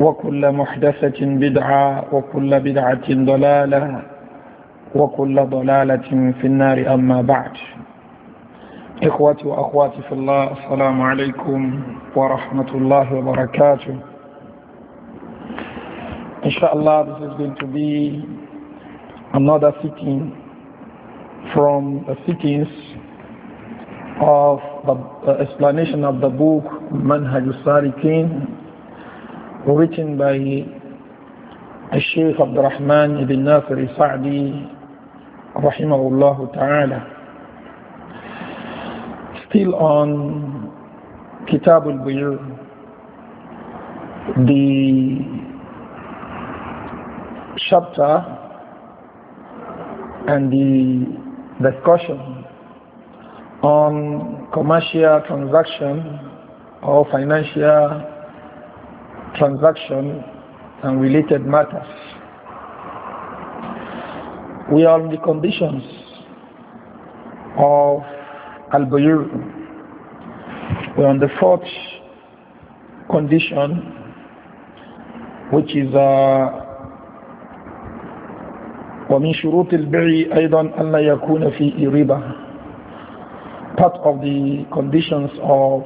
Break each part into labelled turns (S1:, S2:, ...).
S1: وكل محدثة بدعة وكل بدعة ضلالة وكل ضلالة في النار أما بعد إخوتي وأخواتي في الله السلام عليكم ورحمة الله وبركاته إن شاء الله this is going to be another sitting from the sittings of the explanation of the book Manhaj al-Sarikin written by Sheikh Rahman ibn Nasir Sa'di rahimahullah ta'ala still on Kitab al-Buyur the chapter and the discussion on commercial transaction or financial transaction and related matters. We are on the conditions of Al-Bayr. We're on the fourth condition, which is uh, ومن شروط البيع أيضا أن يكون فيه ربا part of the conditions of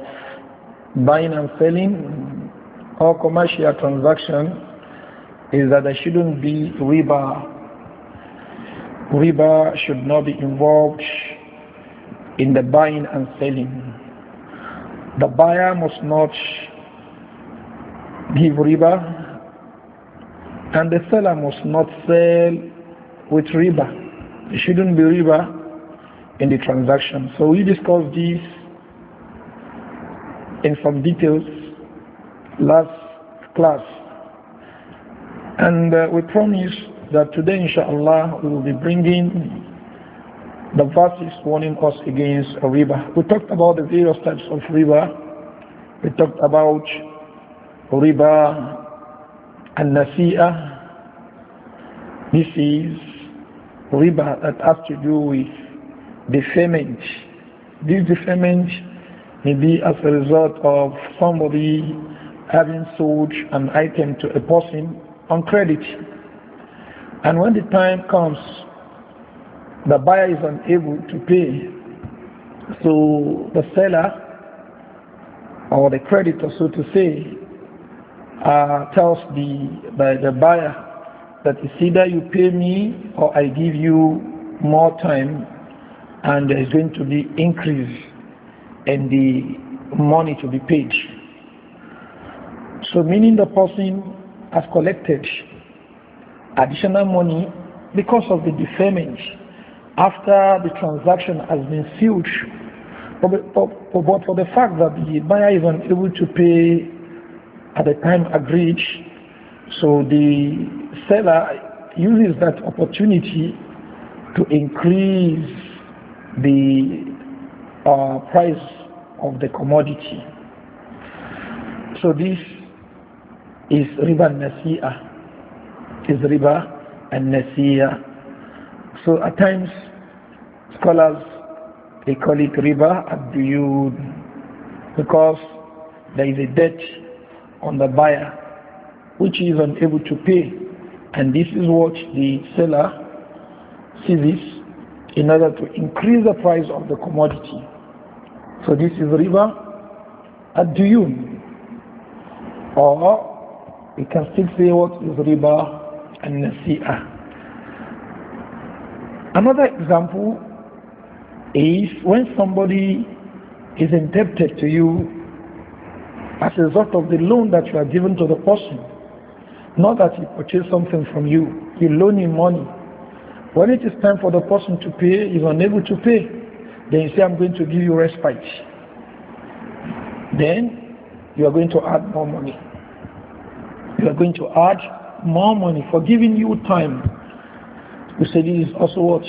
S1: buying and selling or commercial transaction is that there shouldn't be riba. Riba should not be involved in the buying and selling. The buyer must not give riba and the seller must not sell with riba. It shouldn't be riba in the transaction. So we discussed this in some details last class. And uh, we promise that today, inshallah, we will be bringing the verses warning us against riba. We talked about the various types of riba. We talked about riba and nasia. This is riba that has to do with deferment. This deferment may be as a result of somebody having sold an item to a person on credit. And when the time comes, the buyer is unable to pay, so the seller or the creditor, so to say, uh, tells the, the, the buyer that it's either you pay me or I give you more time and there is going to be increase in the money to be paid. So meaning the person has collected additional money because of the deferment after the transaction has been sealed. But for the fact that the buyer is unable to pay at the time agreed, so the seller uses that opportunity to increase the uh, price of the commodity. So this is riba nasi'ah. Is riba and nasi'ah. So at times, scholars, they call it riba abduyud because there is a debt on the buyer which is unable to pay. And this is what the seller this in order to increase the price of the commodity. So this is riba ad or we can still say what is riba and nasi'ah. Another example is when somebody is indebted to you as a result of the loan that you are given to the person. Not that he purchased something from you, you loaned him money. When it is time for the person to pay, he's unable to pay. Then you say, I'm going to give you respite. Then you are going to add more money you are going to add more money for giving you time. We said this also what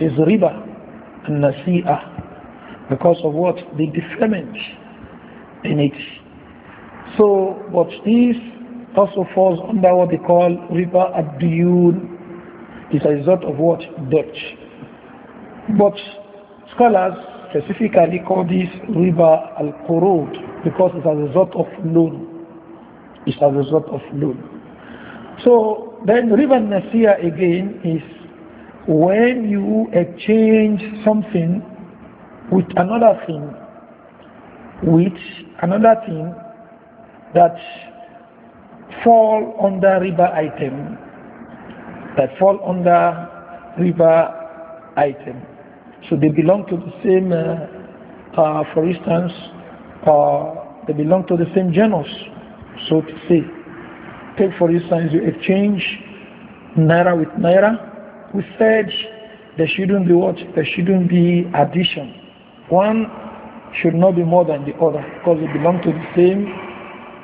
S1: is riba and nasi'ah because of what? The deferment in it. So, but this also falls under what they call riba ad-diyun. It's a result of what? Debt. But scholars specifically call this riba al-qurud because it's a result of loan is a result of loan. So then riba nasiya again is when you exchange something with another thing, with another thing that fall under riba item, that fall under riba item. So they belong to the same, uh, uh, for instance, uh, they belong to the same genus so to say. Take for instance, you exchange naira with naira. We said there shouldn't be what? There shouldn't be addition. One should not be more than the other because they belong to the same.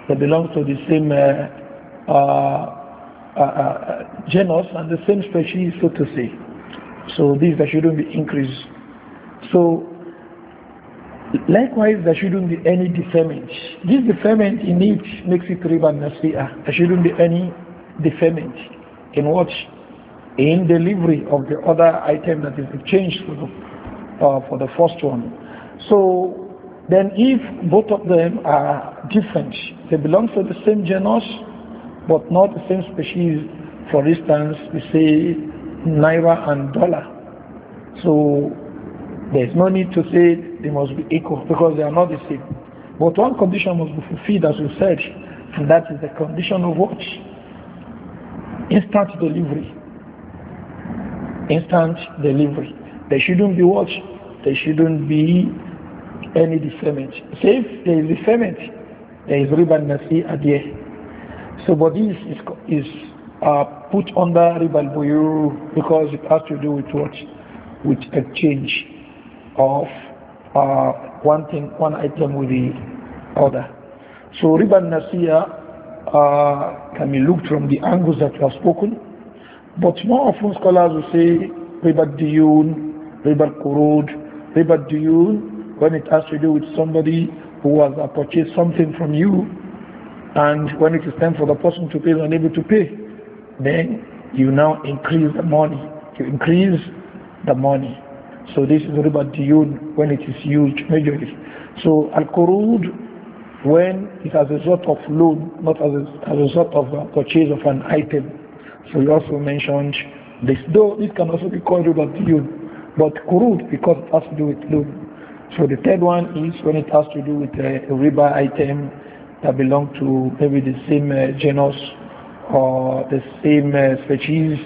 S1: They belong to the same uh, uh, uh, uh genus and the same species, so to say. So these there shouldn't be increase. So Likewise, there shouldn't be any deferment. This deferment in it makes it riba nasi'ah. There shouldn't be any deferment in what? In delivery of the other item that is exchanged for the, uh, for the first one. So then if both of them are different, they belong to the same genus, but not the same species. For instance, we say naira and dollar. So there is no need to say they must be equal because they are not the same. But one condition must be fulfilled as we said, and that is the condition of what? Instant delivery. Instant delivery. There shouldn't be what? There shouldn't be any deferment. Say if there is deferment, there is riba nasi adiyah. So but this is, is uh, put under riba al because it has to do with what? With exchange of uh, one thing, one item with the other. So riba nasiya uh, can be looked from the angles that you have spoken, but more often scholars will say riba diyun, riba kurud, riba diyun when it has to do with somebody who has purchased something from you, and when it is time for the person to pay, is unable to pay, then you now increase the money. You increase the money. So this is riba diyun when it is used majorly. So al-qurud when it as a result of loan, not as a, as a result of a uh, purchase of an item. So we also mentioned this. Though this can also be called riba diyun, but qurud because it has to do with loan. So the third one is when it has to do with a, uh, a riba item that belong to maybe the same uh, genus or the same uh, species.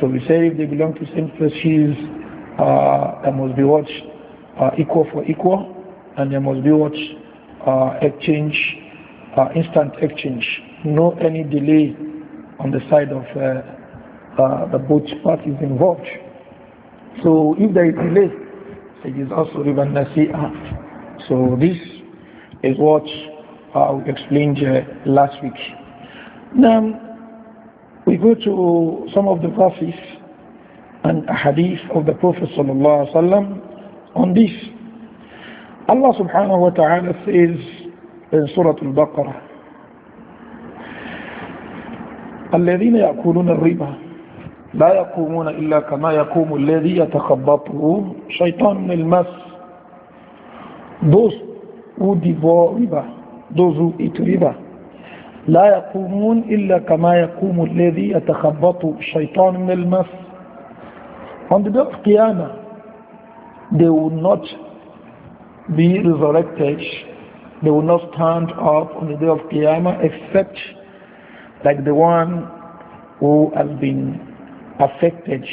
S1: So we say if they belong to same species, uh, there must be what uh, equal for equal, and there must be what uh, exchange, instant exchange. No any delay on the side of uh, uh, the both parties involved. So if there is delay, it is also riban nasi'ah. So this is what uh, I explained last week. Now we go to some of the verses and a hadith of the Prophet sallallahu alaihi wasallam on this. Allah subhanahu wa ta'ala says in Surah Al-Baqarah, الذين يأكلون الربا لا يقومون إلا كما يقوم الذي يتخبطه شيطان من المس those who devour riba those who eat riba لا يقومون إلا كما يقوم الذي يتخبطه شيطان من المس On the day of Qiyamah, they will not be resurrected. They will not stand up on the day of Qiyamah except like the one who has been affected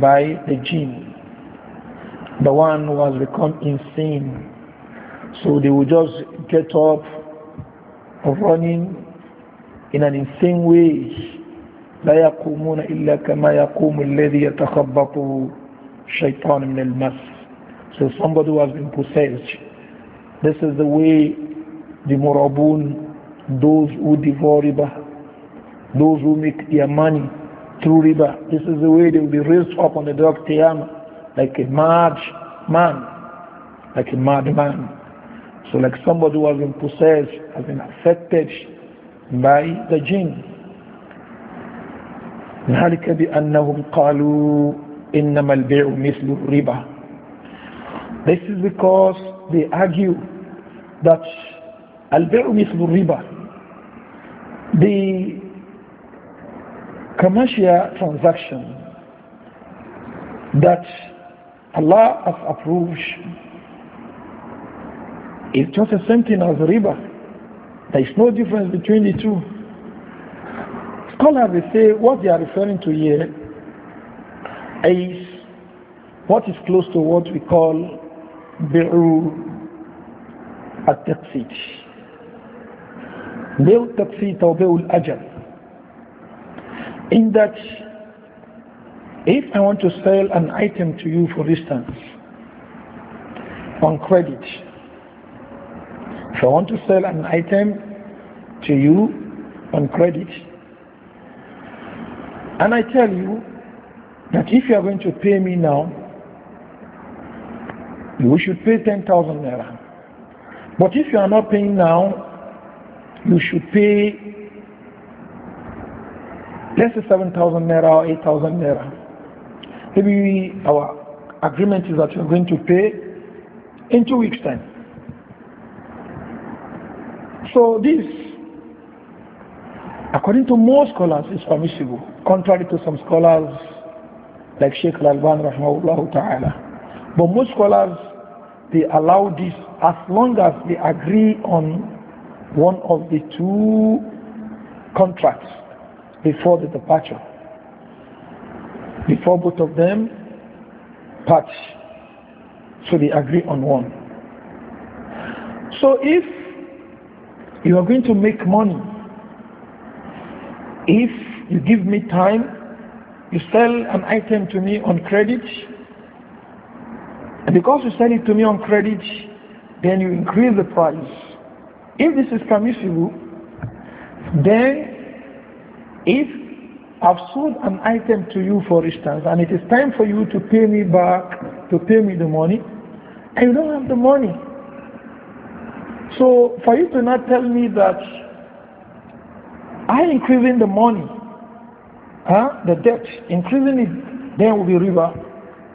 S1: by the jinn, the one who has become insane. So they will just get up running in an insane way لا يقومون إلا كما يقوم الذي شيطان من المس so somebody who has been possessed this is the way the morabun those who devour riba those who make their money through riba this is the way they will be raised up on the day of Qiyamah like a mad man like a madman so like somebody who has been possessed has been affected by the jinn ذلك بأنهم قالوا إنما البيع مثل الربا This is because they argue that البيع مثل الربا The commercial transaction that Allah has approved is just the same thing as riba. There is no difference between the two scholars they say what they are referring to here is what is close to what we call Beru at-taqsid. Bi'u at-taqsid or bi'u al-ajal. In that if I want to sell an item to you for instance on credit if I want to sell an item to you on credit and I tell you that if you are going to pay me now, you should pay 10,000 naira. But if you are not paying now, you should pay let's say 7,000 naira or 8,000 naira. Maybe our agreement is that you're going to pay in two weeks' time. So this, according to most scholars, is permissible contrary to some scholars like Sheikh Al-Alban rahmahullah ta'ala. But most scholars, they allow this as long as they agree on one of the two contracts before the departure, before both of them part. So they agree on one. So if you are going to make money, if you give me time, you sell an item to me on credit, and because you sell it to me on credit, then you increase the price. If this is permissible, then if I've sold an item to you, for instance, and it is time for you to pay me back, to pay me the money, and you don't have the money. So for you to not tell me that I am increasing the money huh? the debt, increasing it, then will be river.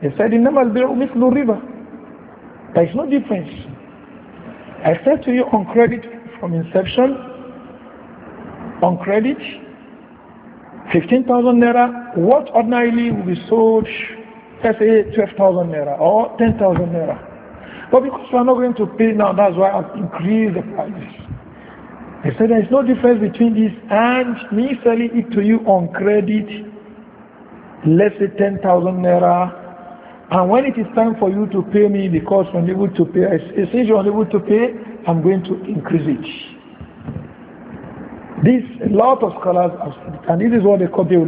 S1: They said, إِنَّمَا الْبِيعُ مِثْلُ river. There is no difference. I said to you on credit from inception, on credit, 15,000 naira, what ordinarily will be sold, let's say 12,000 naira or 10,000 naira. But because we are not going to pay now, that's why I've increased the price. I said there is no difference between this and me selling it to you on credit, let's say 10,000 naira. And when it is time for you to pay me because you're unable to pay, I say you're unable to pay, I'm going to increase it. This, a lot of scholars have said, and this is what the call the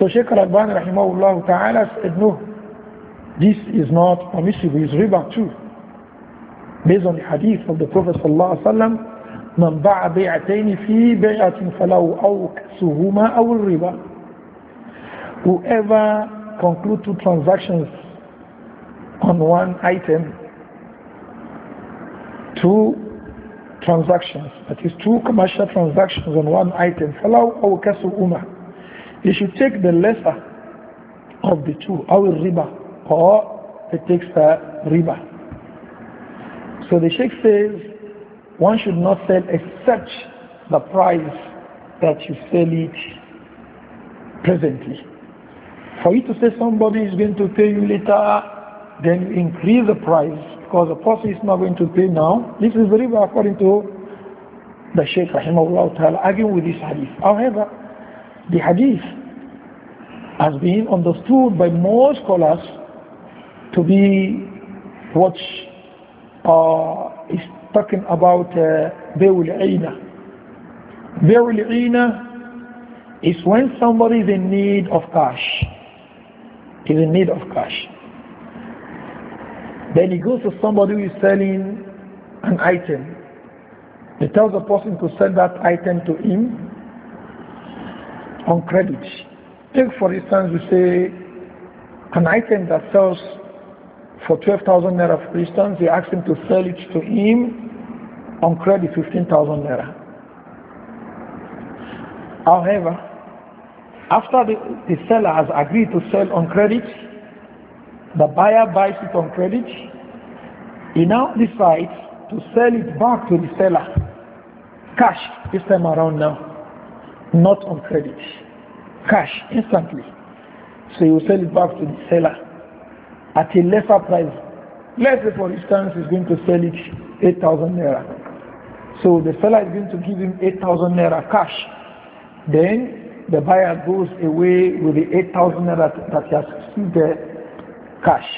S1: So Sheikh Al-Albani rahimahullah ta'ala said, no, this is not permissible, it's riba too. Based on the hadith of the Prophet sallallahu alaihi wasallam, من باع بيعتين في بيعة فلو أو كسهما أو الربا whoever conclude two transactions on one item two transactions that is two commercial transactions on one item فله أو كسهما he should take the lesser of the two أو الربا or he takes the riba so the sheikh says one should not sell except the price that you sell it presently. For you to say somebody is going to pay you later, then you increase the price because the person is not going to pay now. This is very well according to the Shaykh Rahimahullah Ta'ala arguing with this hadith. However, the hadith has been understood by most scholars to be what uh, is talking about Bewul uh, Aina. Bewul Aina is when somebody is in need of cash. Is in need of cash. Then he goes to somebody who is selling an item. He tells the person to sell that item to him on credit. Take for instance, we say an item that sells for 12,000 naira, for instance, he asked him to sell it to him on credit 15,000 naira. However, after the, the seller has agreed to sell on credit, the buyer buys it on credit, he now decides to sell it back to the seller, cash this time around now, not on credit, cash instantly. So you sell it back to the seller at a lesser price. Let's say, for instance, he's going to sell it 8,000 naira. So the seller is going to give him 8,000 naira cash. Then the buyer goes away with the 8,000 naira that he has received the cash.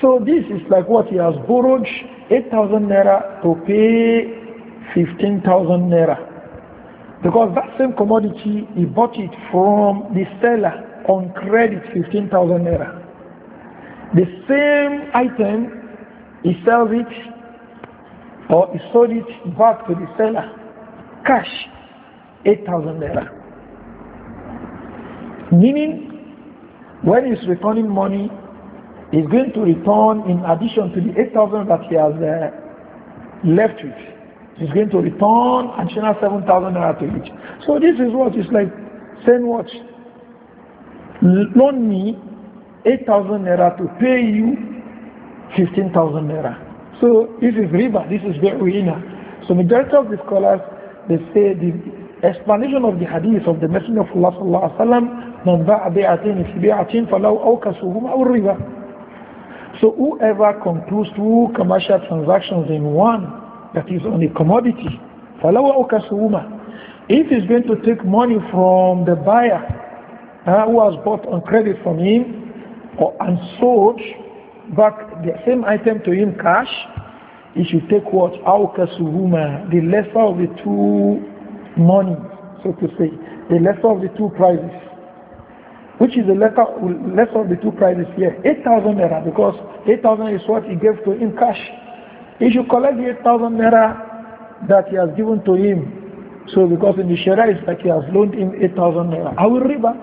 S1: So this is like what he has borrowed 8,000 naira to pay 15,000 naira. Because that same commodity, he bought it from the seller on credit 15,000 naira. The same item, he sells it or he sold it back to the seller, cash, 8,000 naira. Meaning, when he's returning money, he's going to return in addition to the 8,000 that he has uh, left with. He's going to return additional 7,000 naira to each. So this is what it's like Same what? loan me 8,000 naira to pay you 15,000 naira. So this is riba, this is be'uina. So majority of the scholars, they say the explanation of the hadith of the Messenger of Allah sallallahu alaihi wasallam, man fi bi'atin falau awkasuhuma aw riba. So whoever concludes two commercial transactions in one, that is on a commodity, falau awkasuhuma, if he's going to take money from the buyer uh, who has bought on credit from him or, and sold back the same item to him cash, he should take what? Aukasuhuma, the lesser of the two money, so to say, the lesser of the two prices. Which is the lesser, lesser of the two prices here? 8,000 naira, because 8,000 is what he gave to him cash. He should collect the 8,000 naira that he has given to him. So because in the Sharia it's like he has loaned him 8,000 naira. I will riba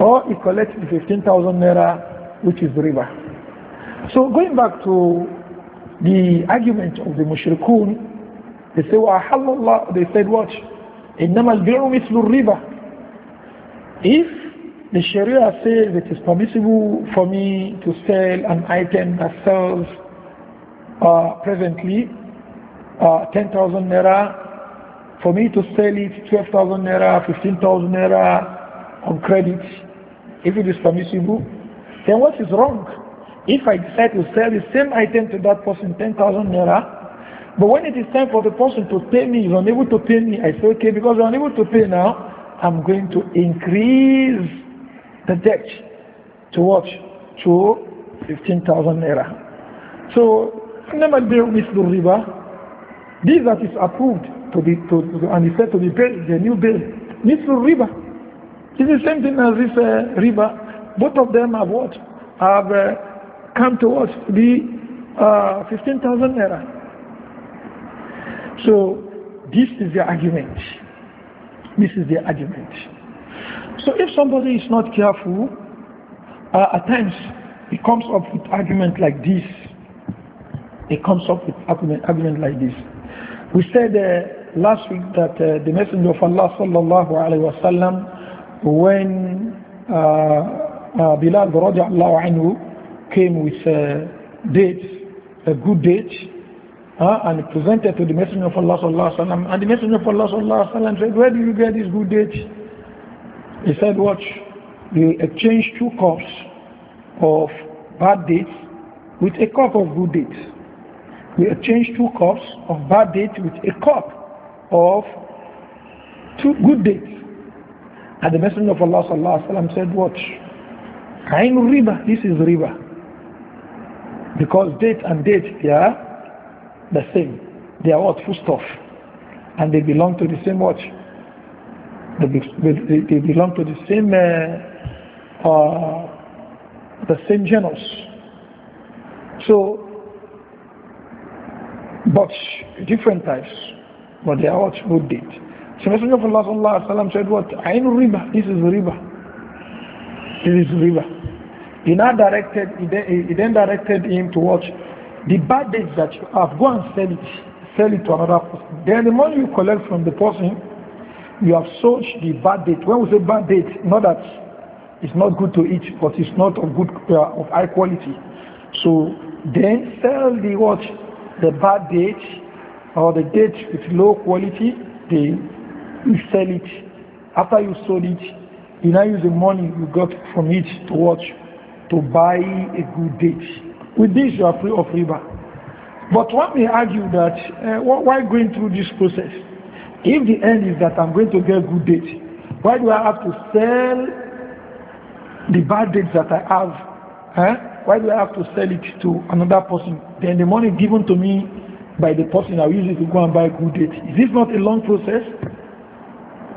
S1: or he the 15,000 naira, which is the riba. So going back to the argument of the mushrikun, they say, Allah, they said what? إِنَّمَا If the Sharia says it is permissible for me to sell an item that sells uh, presently uh, 10,000 naira, for me to sell it 12,000 naira, 15,000 naira on credit, if it is permissible, then what is wrong? If I decide to sell the same item to that person, 10,000 naira, but when it is time for the person to pay me, he's unable to pay me, I say, okay, because I'm unable to pay now, I'm going to increase the debt to what? To 15,000 naira. So, إنما البيع the الربا This that is approved to be to, and is said to be paid, the new bill, مثل الربا it's the same thing as this uh, Both of them have what? Have uh, come towards the uh, 15,000 naira. So this is the argument. This is the argument. So if somebody is not careful, uh, at times he comes up with argument like this. He comes up with argument, argument like this. We said uh, last week that uh, the Messenger of Allah sallallahu alaihi wasallam when uh, uh, Bilal radiallahu anhu came with a date, a good date, uh, and presented to the Messenger of Allah sallallahu and the Messenger of Allah sallallahu said, "Where do you get this good date?" He said, "Watch, you exchange two cups of bad dates with a cup of good dates. We exchange two cups of bad dates with a cup of two good dates." And the Messenger of Allah sallallahu alaihi wasallam said, "Watch, Kainu riba. This is riba because date and date they are the same. They are what foodstuff, and they belong to the same watch. They, they, they belong to the same uh, uh, the same genus. So, but different types, but they are what good date." So Messenger of Allah sallallahu alayhi said what? Ainu riba. This is riba. This is riba. He now directed, he then, directed him to watch the bad dates that you have. Go and sell it. Sell it to another person. Then the money you collect from the person, you have sold the bad date. When we say bad date, not that it's not good to eat, but it's not of good uh, of high quality. So then sell the watch, the bad date or the date with low quality, the you sell it. After you sold it, you now use the money you got from it to watch, to buy a good date. With this, you are free of riba. But one may argue that uh, why going through this process? If the end is that I'm going to get a good date, why do I have to sell the bad dates that I have? Huh? Eh? Why do I have to sell it to another person? Then the money given to me by the person, i use it to go and buy a good date. Is this not a long process?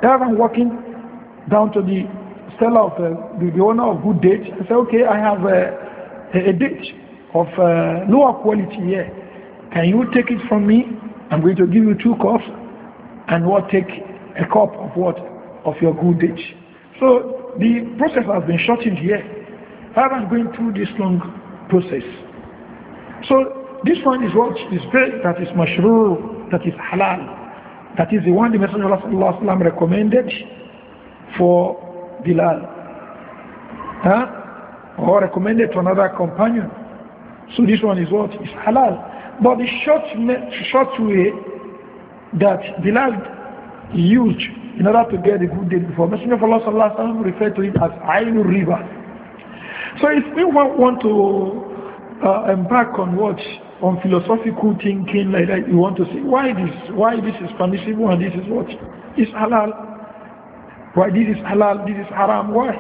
S1: rather walking down to the seller of uh, the, the, owner of good date and say, okay, I have uh, a, a, date of uh, lower quality here. Can you take it from me? I'm going to give you two cups and what take a cup of what? Of your good date. So the process has been shortened here. I have going through this long process. So this one is what is great, that is mashru that is halal. That is the one the Messenger of Allah recommended for Bilal. Huh? Or recommended to another companion. So this one is what? It's halal. But the short, short way that Bilal used in order to get a good deal before, Messenger of Allah referred to it as Ainul river. So if we want to uh, embark on what on philosophical thinking like that. You want to say why this, why this is permissible and this is what is halal. Why this is halal, this is haram, why?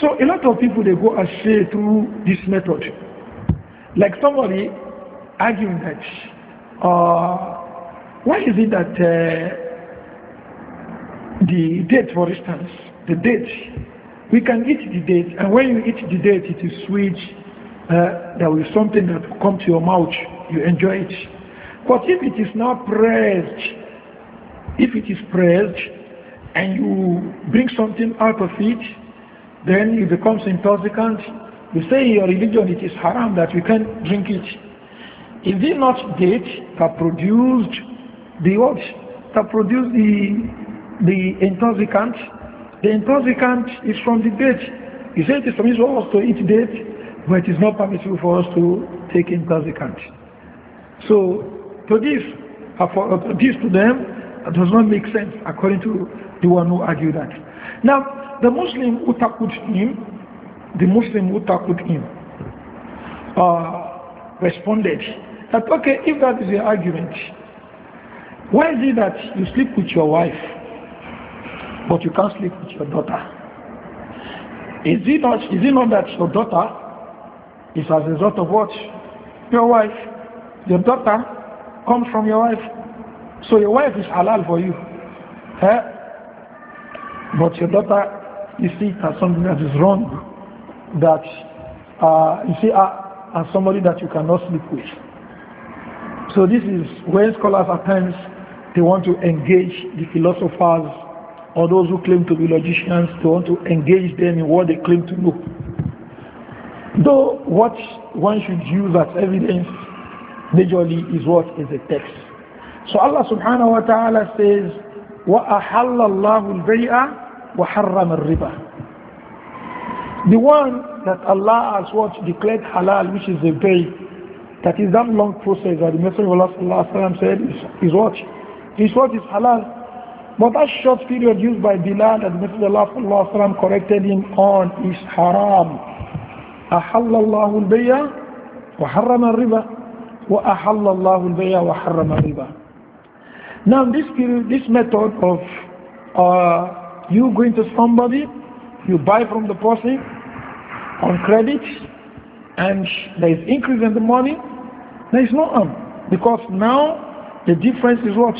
S1: So a lot of people they go astray through this method. Like somebody arguing that, uh, why is it that uh, the date, for instance, the date, we can eat the date, and when you eat the date, it is sweet, uh, there will be something that will come to your mouth. You enjoy it. But if it is not praised, if it is praised, and you bring something out of it, then it becomes intoxicant. You say in your religion, it is haram that you can't drink it. Is it not date that produced the what? That produced the, the intoxicant? The intoxicant is from the date. You say it is permissible to eat date, but it is not permissible for us to take intoxicant. So to this, uh, uh, to this to them does not make sense according to the one who argued that. Now the Muslim who tackled him, the Muslim who tackled him, uh, responded that okay, if that is the argument, why is it that you sleep with your wife, but you can't sleep with your daughter? Is it not, is it not that your daughter is as a result of what? Your wife. Your daughter comes from your wife. So your wife is halal for you. Eh? But your daughter, you see it as something that is wrong. That uh, you see uh, as somebody that you cannot sleep with. So this is where scholars at times they want to engage the philosophers or those who claim to be logicians, they want to engage them in what they claim to know. Though what one should use as evidence majorly is what is a text. So Allah subhanahu wa ta'ala says, وَأَحَلَّ اللَّهُ الْبَيْعَ وَحَرَّمَ الرِّبَى The one that Allah has what declared halal, which is the bay, that is that long process that the Messenger of Allah said is, is what? Is what is halal. But that short period used by Bilal that the Messenger of Allah corrected him on is haram. أحل الله البيع وحرم الربا وأحل الله البيع وحرم الربا Now this period, this method of uh, you going to somebody, you buy from the person on credit, and there is increase in the money, there is no harm because now the difference is what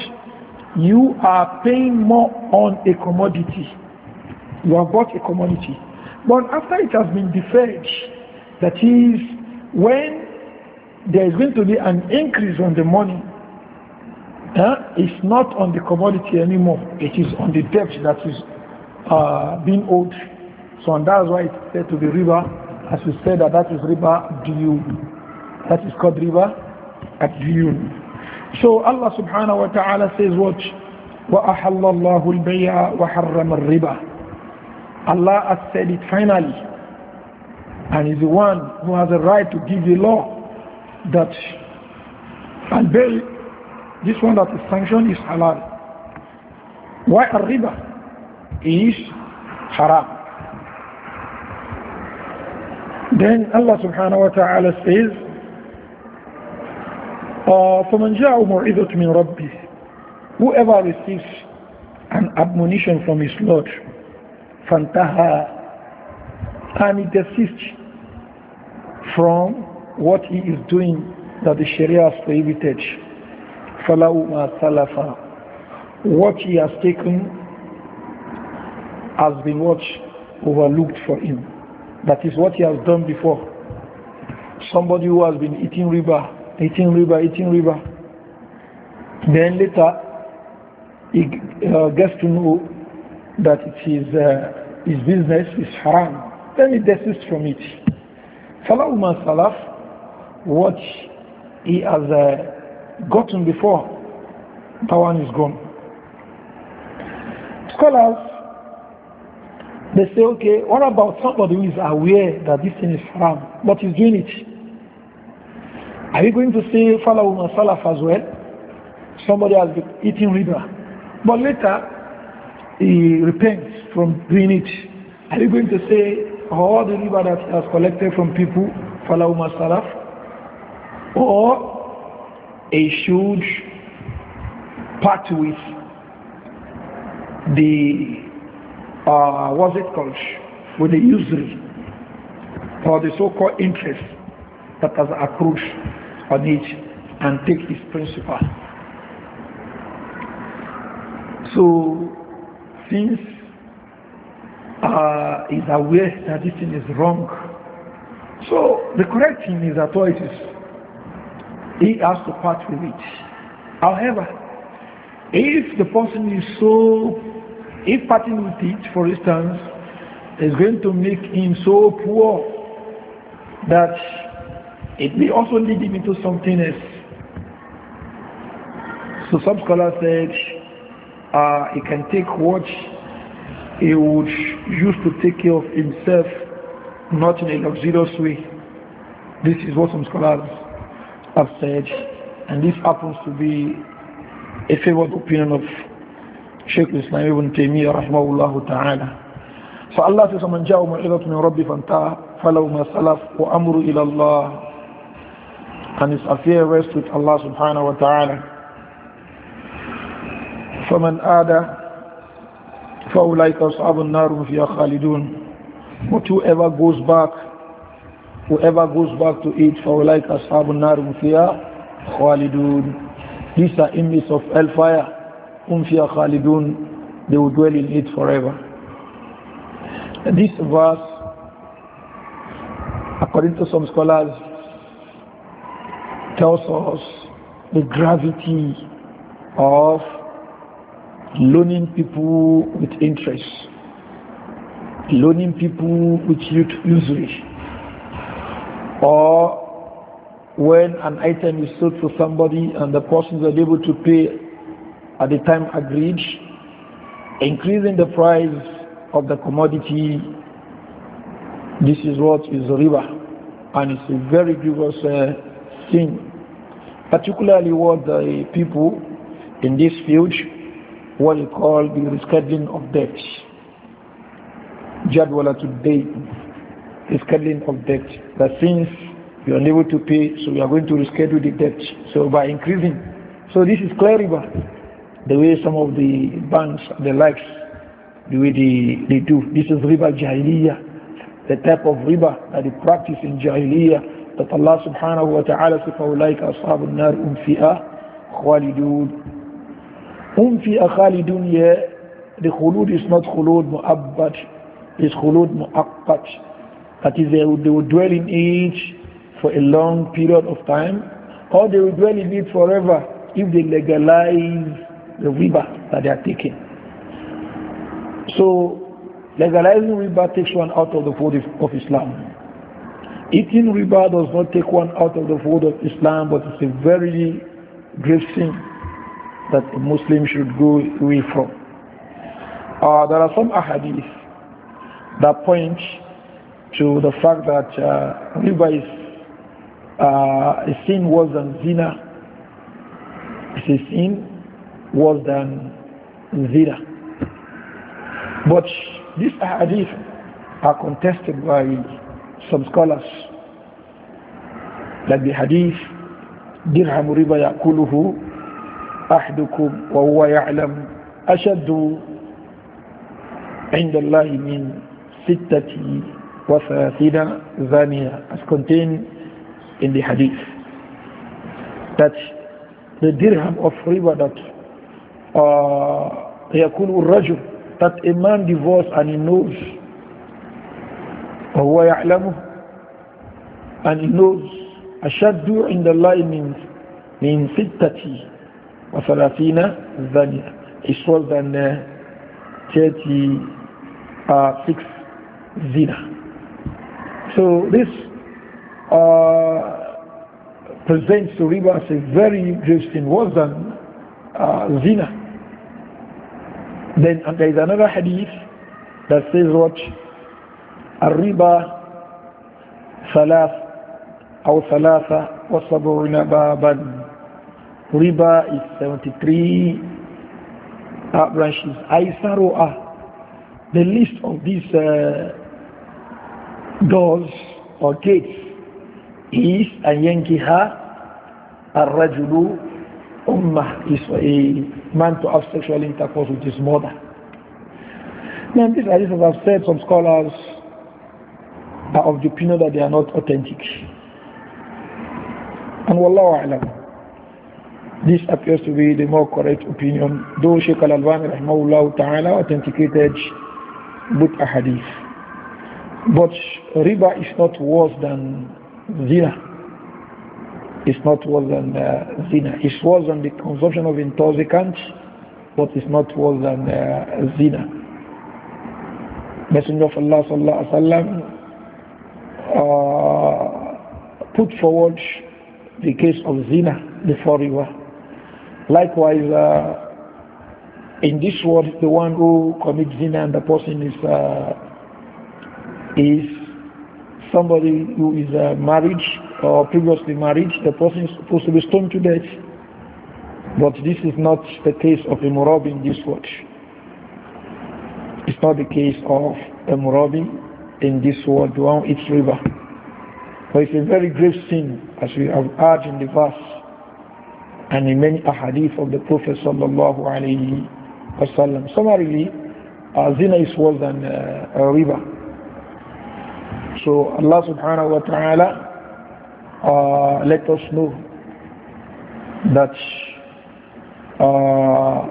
S1: you are paying more on a commodity. You have bought a commodity, but after it has been deferred, that is, when there is going to be an increase on the money, it's not on the commodity anymore. It is on the debt that is uh, being owed. So and that's why it's said to the river, as we said that that is river Diyu. That is called river at Diyu. So Allah subhanahu wa ta'ala says what? وَأَحَلَّ اللَّهُ الْبَيْعَ وَحَرَّمَ الرِّبَى Allah has said it finally and is the one who has the right to give the law that and bail this one that is sanctioned is halal why a riba is haram then Allah subhanahu wa ta'ala says uh, فَمَنْ مِنْ رَبِّهِ whoever receives an admonition from his Lord فَانْتَهَى and he desists from what he is doing that the Sharia has prohibited. What he has taken has been what overlooked for him. That is what he has done before. Somebody who has been eating riba, eating riba, eating riba. Then later, he uh, gets to know that it is uh, his business is haram then he desists from it. Salah ma salaf, what he has uh, gotten before, that one is gone. Scholars, they say, okay, what about somebody who is aware that this thing is haram, but is doing it? Are you going to say falahu ma salaf as well? Somebody has been eating riba, but later he repents from doing it. Are you going to say all the riba that he has collected from people, فَلَوْ salaf, Or a should part with the, uh, what's it called, with the usury or the so-called interest that has accrued on it and take his principal. So, since uh, is aware that this thing is wrong. So the correct thing is that it is, he has to part with it. However, if the person is so, if parting with it, for instance, is going to make him so poor that it may also lead him into something else. So some scholars said uh, he can take watch he would use to take care of himself, not in a luxurious way. This is what some scholars have said, and this happens to be a favored opinion of Sheikh Islam ibn Taymiyyah rahimahullah ta'ala. So Allah says, وَمَنْ جَاءُ مَعِذَةٌ مِنْ رَبِّ فَانْتَهَا فَلَوْ مَا سَلَفْ وَأَمْرُ إِلَى اللَّهِ And his affair rests with Allah subhanahu wa ta'ala. فَمَنْ آدَى فَأُولَٰئِكَ أَصْحَابُ النَّارُ فِيهَا خَالِدُونَ But whoever goes back, whoever goes back to it, فَأُولَٰئِكَ أَصْحَابُ النَّارُ فِيهَا خَالِدُونَ These are images of hellfire, هُمْ فِيهَا خَالِدُونَ They will dwell in it forever. And this verse, according to some scholars, tells us the gravity of loaning people with interest, loaning people with usury, or when an item is sold to somebody and the person is able to pay at the time agreed, increasing the price of the commodity, this is what is river, and it's a very grievous uh, thing, particularly what the people in this field what you call the rescheduling of debt. Jadwala today, rescheduling of debt. That since you are unable to pay, so you are going to reschedule the debt. So by increasing. So this is clear riba. The way some of the banks, the likes, the way they, they do. This is riba jahiliya. The type of riba that they practice in jahiliya. That Allah subhanahu wa ta'ala says, فَأُولَٰئِكَ أَصْحَابُ النَّارِ هُمْ فِيهَا خَالِدُونَ Hum fi khalidun the khulud is not khulud mu'abbad, is khulud mu'aqqat. That is, they will, they would dwell in it for a long period of time, or they will dwell in it forever if they legalize the riba that they are taking. So, legalizing riba takes one out of the fold of Islam. Eating riba does not take one out of the fold of Islam, but it's a very grave sin that a Muslim should go away from. Uh, there are some ahadith that point to the fact that uh, riba is uh, a sin worse than zina. It's a sin worse than zina. But these ahadith are contested by some scholars. Like the hadith, dirham riba yakuluhu أحدكم وهو يعلم أشد عند الله من ستة وثلاثين زانية as contained in the hadith that the dirham of riba that يكون uh, الرجل that a man divorced and he knows وهو يعلمه and he knows أشد عند الله من من ستة وثلاثين زانية is worse than uh, 36 uh, zina so this uh, presents to riba as a very interesting worse than uh, zina then there is another hadith that says what الربا ثلاث أو ثلاثة وسبعون بابا riba is 73 uh, branches. Aisaroa, ah, the list of these uh, doors or gates is an yankiha a rajulu ummah is a man to have sexual intercourse with his mother. Now this as I've said, some scholars are uh, of the opinion that they are not authentic. And wallahu a'lam. This appears to be the more correct opinion, though Sheikh Al-Albani rahimahullah ta'ala authenticated both ahadith. But riba is not worse than zina. It's not worse than uh, zina. It's worse than the consumption of intoxicants, but it's not worse than uh, zina. Messenger of Allah sallallahu alaihi wasallam uh, put forward the case of zina before riba. Likewise, uh, in this world, the one who commits zina and the person is uh, is somebody who is uh, married or previously married. The person is supposed to be stoned to death. But this is not the case of a murabi in this world. It's not the case of a murabi in this world, down its river. But it's a very grave sin, as we have heard in the verse and in many ahadith of the Prophet sallallahu alayhi wasallam. Summarily, uh, zina is worse than uh, riba. So Allah subhanahu wa ta'ala uh, let us know that uh,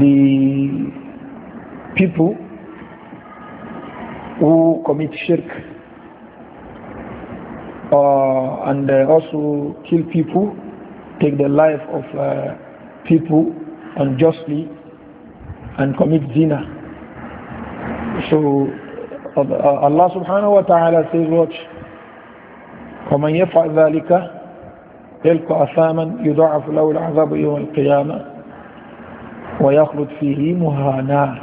S1: the people who commit shirk uh, and uh, also kill people take the life of uh, people unjustly and commit zina. So uh, Allah subhanahu wa ta'ala says, watch, ومن يفعل ذلك يلقى أثاما يضاعف له العذاب يوم القيامة ويخلد فيه مهانا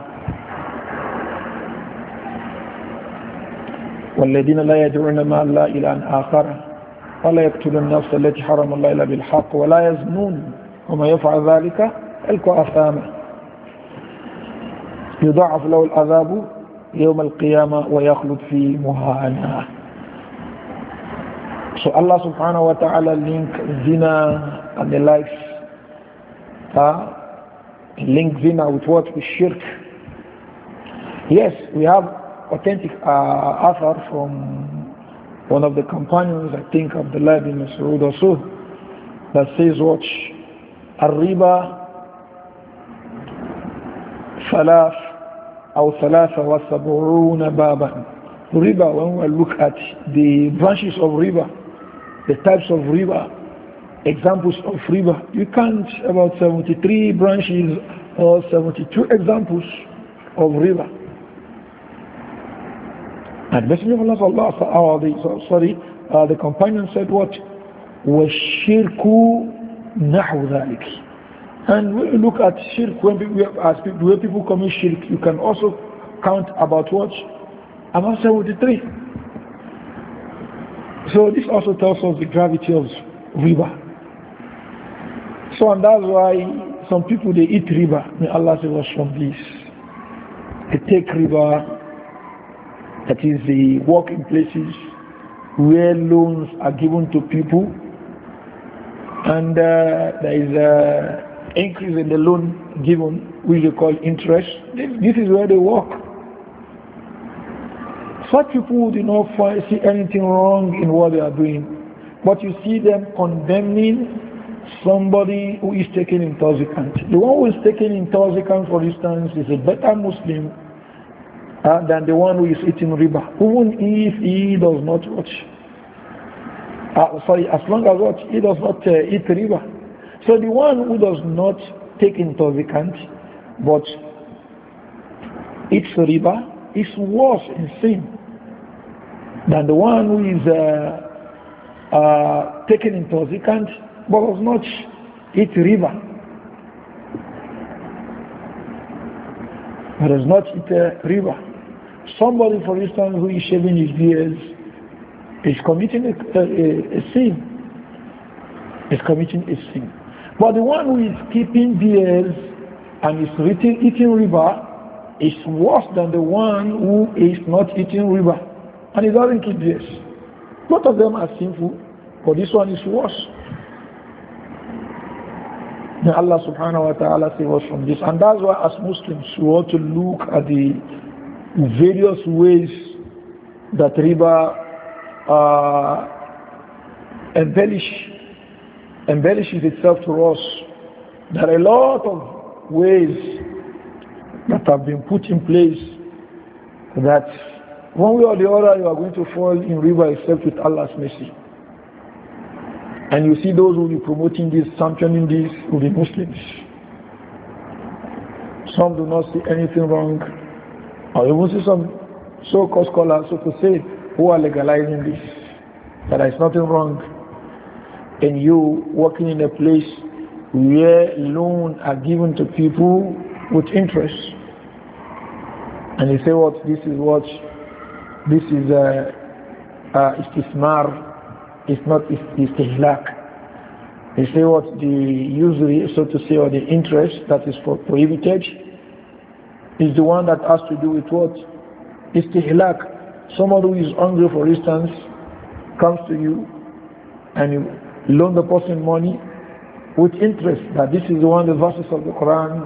S1: والذين لا يدعون مع الله إلى أن آخره ولا يقتل النفس التي حرم الله إلا بالحق ولا يزنون وما يفعل ذلك يلقى أثامه يضاعف له العذاب يوم القيامة ويخلد في مهانا So Allah subhanahu wa ta'ala link zina and the likes uh, Link zina with what? is shirk. Yes, we have authentic uh, author from one of the companions, I think the lad in or so, that says "Watch, Arriba, Salaf, or ثلاثة وسبعون بابا Riba, when we look at the branches of riba, the types of riba, examples of riba, you count about 73 branches or 72 examples of riba. And Messenger of Allah, the, sorry, uh, the companion said what? وَالشِّرْكُ نَحْوُ ذَلك And when you look at shirk, when people, as in when people commit shirk, you can also count about what? About 73. So this also tells us the gravity of riba. So and that's why some people they eat riba. May Allah save us from this. They take riba that is the working places where loans are given to people and uh, there is an increase in the loan given which they call interest this is where they work such people do not find, see anything wrong in what they are doing but you see them condemning somebody who is taken intoxicant the one who is taken intoxicant for instance is a better muslim uh, than the one who is eating riba, even if he does not watch. Uh, sorry, as long as what he does not uh, eat riba. So the one who does not take into account but eats riba is worse in sin than the one who is uh, uh, taken intoxicant but does not eat riba. But does not eat uh, riba somebody, for instance, who is shaving his beard is committing a, a, a, sin. Is committing a sin. But the one who is keeping beard and is eating, eating riba is worse than the one who is not eating riba and is doesn't keep beards. Both of them are sinful, but this one is worse. May Allah subhanahu wa ta'ala save us from this. And that's why as Muslims we ought to look at the various ways that riba uh, embellish, embellishes itself to us. There are a lot of ways that have been put in place that one way or the other you are going to fall in river except with Allah's mercy. And you see those who will be promoting this, sanctioning this, will be Muslims. Some do not see anything wrong or even see some so-called scholars, so to say, who are legalizing this. That there is nothing wrong in you working in a place where loans are given to people with interest. And you say what this is what this is a uh, uh, istismar, it's not istihlak. They say what the usury, so to say, or the interest that is prohibited is the one that has to do with what? Istihlak. Someone who is hungry, for instance, comes to you and you loan the person money with interest that this is the one the verses of the Quran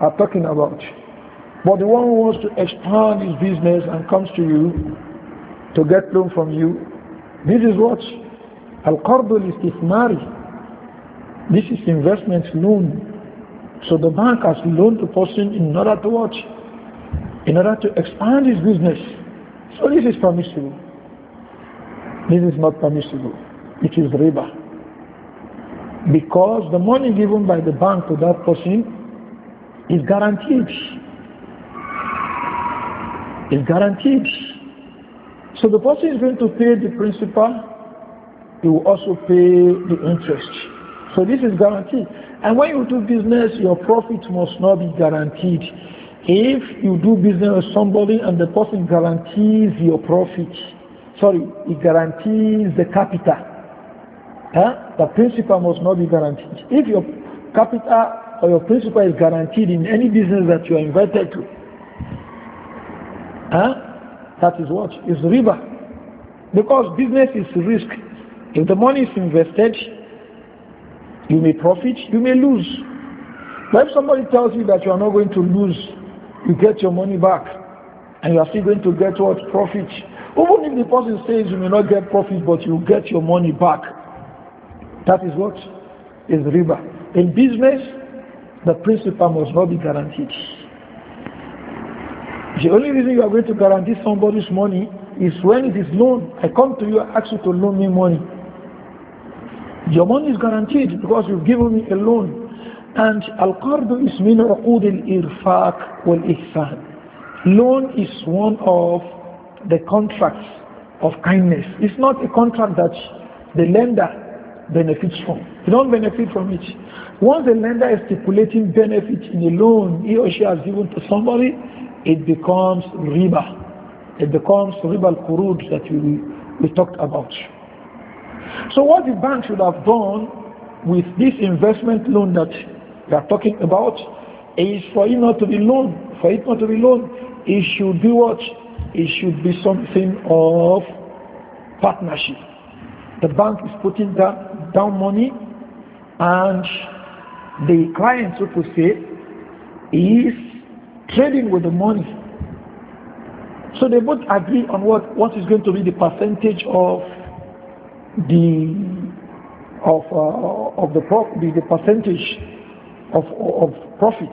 S1: are talking about. But the one who wants to expand his business and comes to you to get loan from you, this is what? Al-Qardul Istifmari. This is investment loan so the bank has loaned the person in order to watch, in order to expand his business. So this is permissible. This is not permissible. It is riba. Because the money given by the bank to that person is guaranteed. Is guaranteed. So the person is going to pay the principal, he will also pay the interest. So this is guaranteed. And when you do business, your profit must not be guaranteed. If you do business with somebody and the person guarantees your profit, sorry, it guarantees the capital. Huh? The principal must not be guaranteed. If your capital or your principal is guaranteed in any business that you are invited to, huh? that is what is river, Because business is risk. If the money is invested, you may profit, you may lose. But if somebody tells you that you are not going to lose, you get your money back, and you are still going to get what? Profit. Even if the person says you may not get profit, but you get your money back, that is what is riba. In business, the principal must not be guaranteed. The only reason you are going to guarantee somebody's money is when it is loaned. I come to you, I ask you to loan me money. Your money is guaranteed because you've given me a loan. And Al-Qardu is min uqud al-irfaq wal-ihsan. Loan is one of the contracts of kindness. It's not a contract that the lender benefits from. You don't benefit from it. Once the lender is stipulating benefit in a loan he or she has given to somebody, it becomes riba. It becomes riba al-qurud that we, we talked about. So what the bank should have done with this investment loan that we are talking about is for it not to be loan, for it not to be loan, it should be what? It should be something of partnership. The bank is putting that, down money and the client, so to say, is trading with the money. So they both agree on what, what is going to be the percentage of the of uh, of the, the, the percentage of of profit,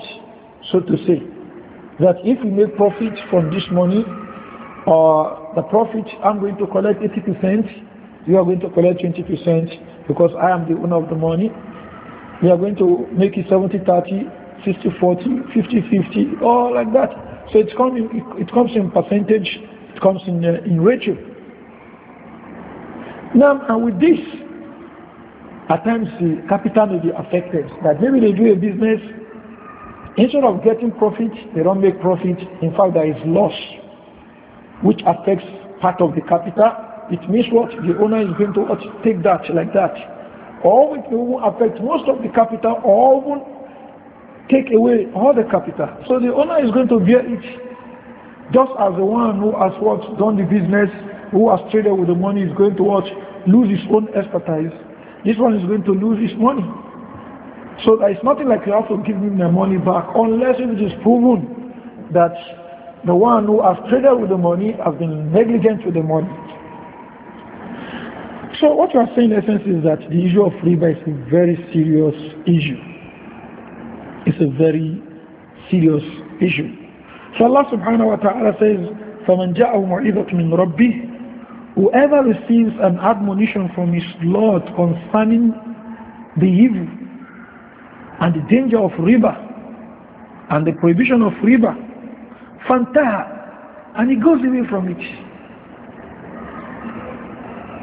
S1: so to say, that if we make profit from this money, uh, the profit I'm going to collect 80 percent, you are going to collect 20 percent because I am the owner of the money. We are going to make it 70 30, 60 40, 50 50, all like that. So it comes it comes in percentage, it comes in uh, in ratio. Now, and with this, at times the capital may be affected. That maybe they do a business, instead of getting profit, they don't make profit. In fact, there is loss, which affects part of the capital. It means what? The owner is going to take that like that. Or it will affect most of the capital or even take away all the capital. So the owner is going to bear it just as the one who has what done the business who has traded with the money is going to watch, lose his own expertise. This one is going to lose his money. So there is nothing like you have to give him the money back unless it is proven that the one who has traded with the money has been negligent with the money. So what you are saying in essence is that the issue of riba is a very serious issue. It's a very serious issue. So Allah subhanahu wa ta'ala says, فَمَنْ جَاءَهُ مَعِذَةٌ مِنْ رَبِّهِ Whoever receives an admonition from his Lord concerning the evil and the danger of riba and the prohibition of riba, fantaha, and he goes away from it.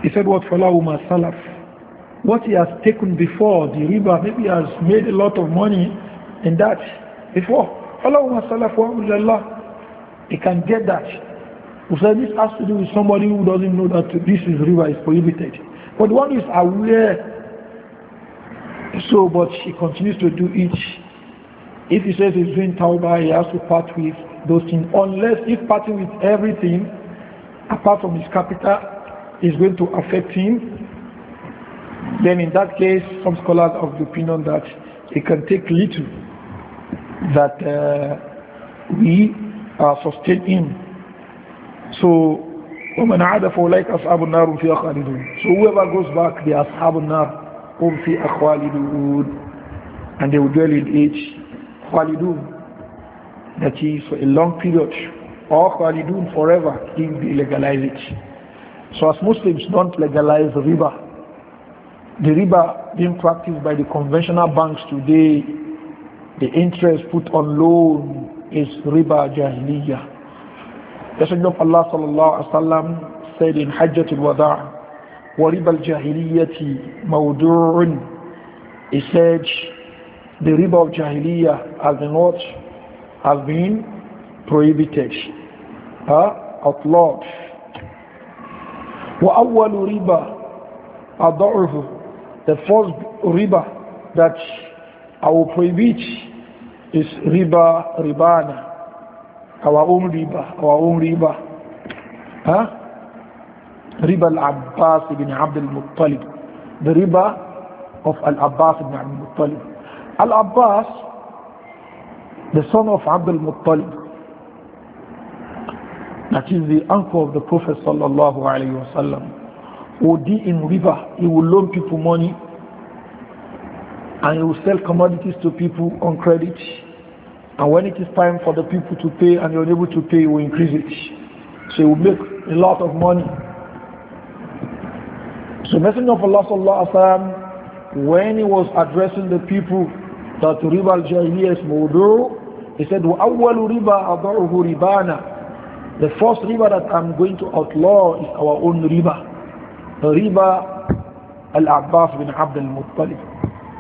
S1: He said, What falahu ma salaf? What he has taken before the riba, maybe he has made a lot of money in that before. Falahu ma salaf wa He can get that. We this has to do with somebody who doesn't know that this is river is prohibited. But one is aware, so but he continues to do it. If he says he's doing tawbah, he has to part with those things. Unless if parting with everything apart from his capital is going to affect him, then in that case, some scholars of the opinion that it can take little that uh, we uh, sustain him so, وَمَنْ عَادَ فَوْلَيْكَ أَصْحَابُ النَّارُ فِيهَا خَالِدُونَ So whoever goes back, they are أَصْحَابُ النَّارُ هُمْ فِيهَا And they will dwell in each خَالِدُونَ That is for a long period. Or خَالِدُونَ forever if they legalize it. So as Muslims don't legalize riba. The riba being practiced by the conventional banks today, the interest put on loan is riba jahiliyah Messenger of Allah said in Hajjatul Wada' al الْجَاهِلِيَّةِ مَوْدُوعٌ He said, the riba of Jahiliyyah has been what? Has been prohibited. Huh? Outlawed. وَأَوَّلُ riba أَضَعُهُ The first riba that I will prohibit is riba ribana our own riba, our own riba. Huh? Riba al-Abbas ibn Abdul The riba of al-Abbas ibn Abdul Muttalib. Al-Abbas, the son of Abdul Muttalib, that is the uncle of the Prophet sallallahu alayhi wa sallam, would in riba. He will loan people money and he will sell commodities to people on credit and when it is time for the people to pay and you're unable to pay, we increase it. So you will make a lot of money. So Messenger of Allah sallallahu alaihi wasallam, when he was addressing the people that riba al-jahiliyyah is mawdu, he said, وَأَوَّلُ riba أَضَعُهُ ribana. The first riba that I'm going to outlaw is our own riba. The riba al-Abbas bin Abdul Muttalib.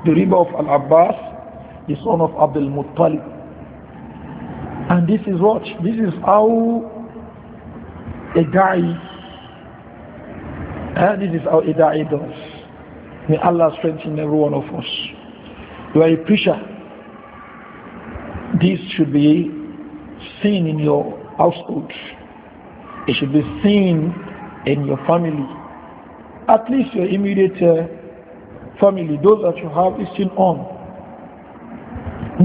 S1: The riba of al-Abbas, the son of Abdul Muttalib. And this is what? This is how a guy and eh, this is how a guy does. May Allah strengthen every one of us. You are a preacher. This should be seen in your household. It should be seen in your family. At least your immediate uh, family, those that you have is seen on.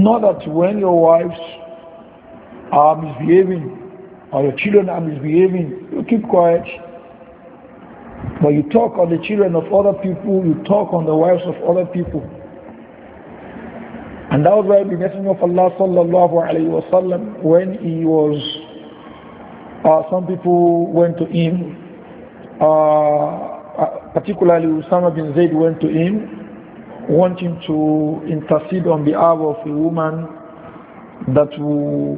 S1: Not that when your wives are misbehaving or your children are misbehaving, you keep quiet. But you talk on the children of other people, you talk on the wives of other people. And that was why the Messenger of Allah sallallahu alayhi wa sallam, when he was, uh, some people went to him, uh, uh particularly Usama bin Zaid went to him, wanting to intercede on behalf of a woman that will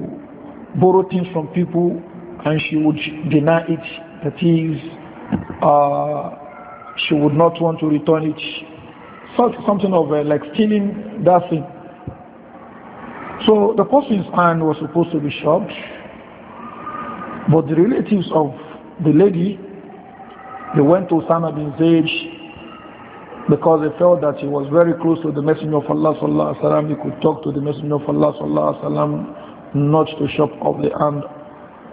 S1: borrow things from people and she would deny it. That is, uh, she would not want to return it. So something of uh, like stealing that thing. So the person's hand was supposed to be shot, but the relatives of the lady, they went to Osama bin Zayd because they felt that he was very close to the Messenger of Allah sallallahu alaihi wasallam. He could talk to the Messenger of Allah sallallahu alaihi wasallam not to chop off the hand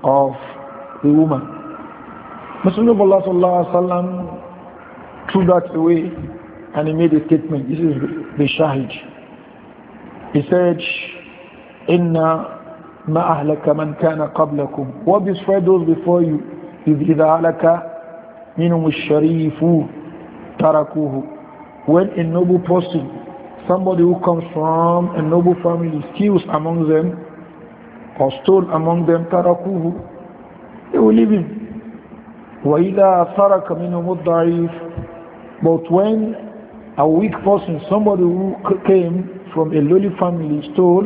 S1: of the woman. Messenger of Allah sallallahu alaihi wasallam threw that away and he made a statement. This is the shahid. He said, "Inna ma ahlaka man kana qablakum." What destroyed those before you is إذا أهلك منهم الشريف تركوه. When a noble person, somebody who comes from a noble family, steals among them, or stone among them تركوه they will leave him وإذا ترك منهم الضعيف but when a weak person somebody who came from a lowly family stole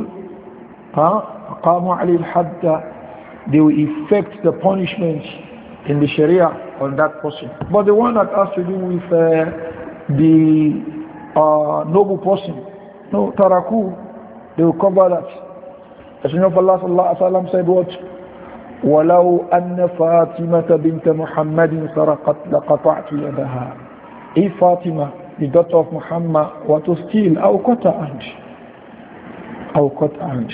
S1: huh? قاموا عليه الحد they will effect the punishment in the Sharia on that person. But the one that has to do with uh, the uh, noble person, no, taraku, they will cover that. السنة of Allah صلى الله عليه وسلم said what ولو أن فاطمة بنت محمد سرقت لقطعت يدها if Fatima the daughter of Muhammad were to steal أو cut her أو cut her hand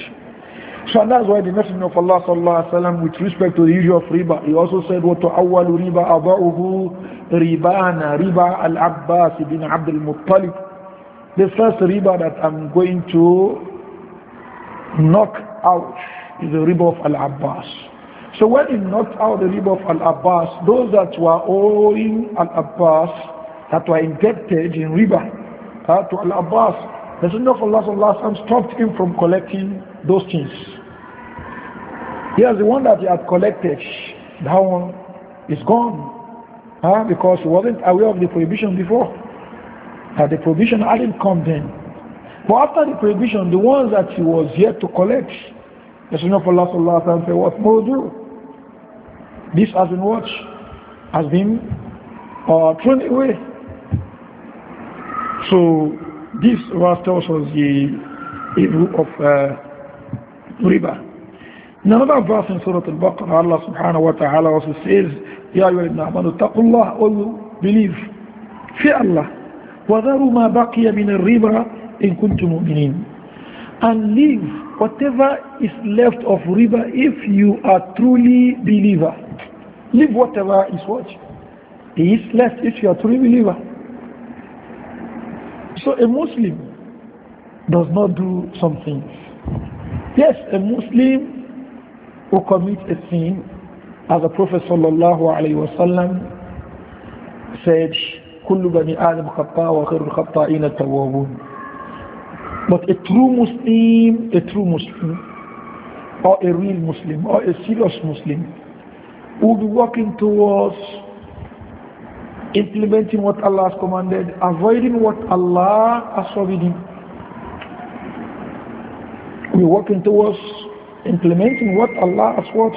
S1: So that's why the Messenger of Allah sallallahu alaihi wasallam, with respect to the issue of riba, he also said, وَتُعَوَّلُ رِبَا أَضَعُهُ رِبَانَ رِبَا الْعَبَّاسِ بِنْ عَبْدِ الْمُطَّلِبِ The first riba that I'm going to knock out is the riba of Al-Abbas. So when he knocked out the riba of Al-Abbas, those that were owing Al-Abbas, that were indebted in riba uh, to Al-Abbas, the Sunnah of Allah sallallahu stopped him from collecting those things. He has the one that he had collected, that one is gone. Uh, because he wasn't aware of the prohibition before. Uh, the prohibition hadn't come then. But after the prohibition, the ones that he was yet to collect, the Sunnah of Allah sallallahu alayhi wa said, what more do? This has been what? Has been uh, thrown away. So this verse tells us the evil of uh, riba. In another verse in Surah Al-Baqarah, Allah subhanahu wa ta'ala also says, يَا أَيُّهَا الَّذِينَ آمَنُوا اتَّقُوا اللَّهَ وَيُّ believe. Fear Allah. ma baqiya min al-riba." in mu'minin. And leave whatever is left of riba if you are truly believer. Leave whatever is what? Is left if you are truly believer. So a Muslim does not do some things. Yes, a Muslim who commits a sin, as the Prophet sallallahu alaihi wasallam said, "Kullu bani Adam khata wa khairul khata'ina but a true Muslim, a true Muslim, or a real Muslim, or a serious Muslim, will be working towards implementing what Allah has commanded, avoiding what Allah has forbidden. We're working towards implementing what Allah has what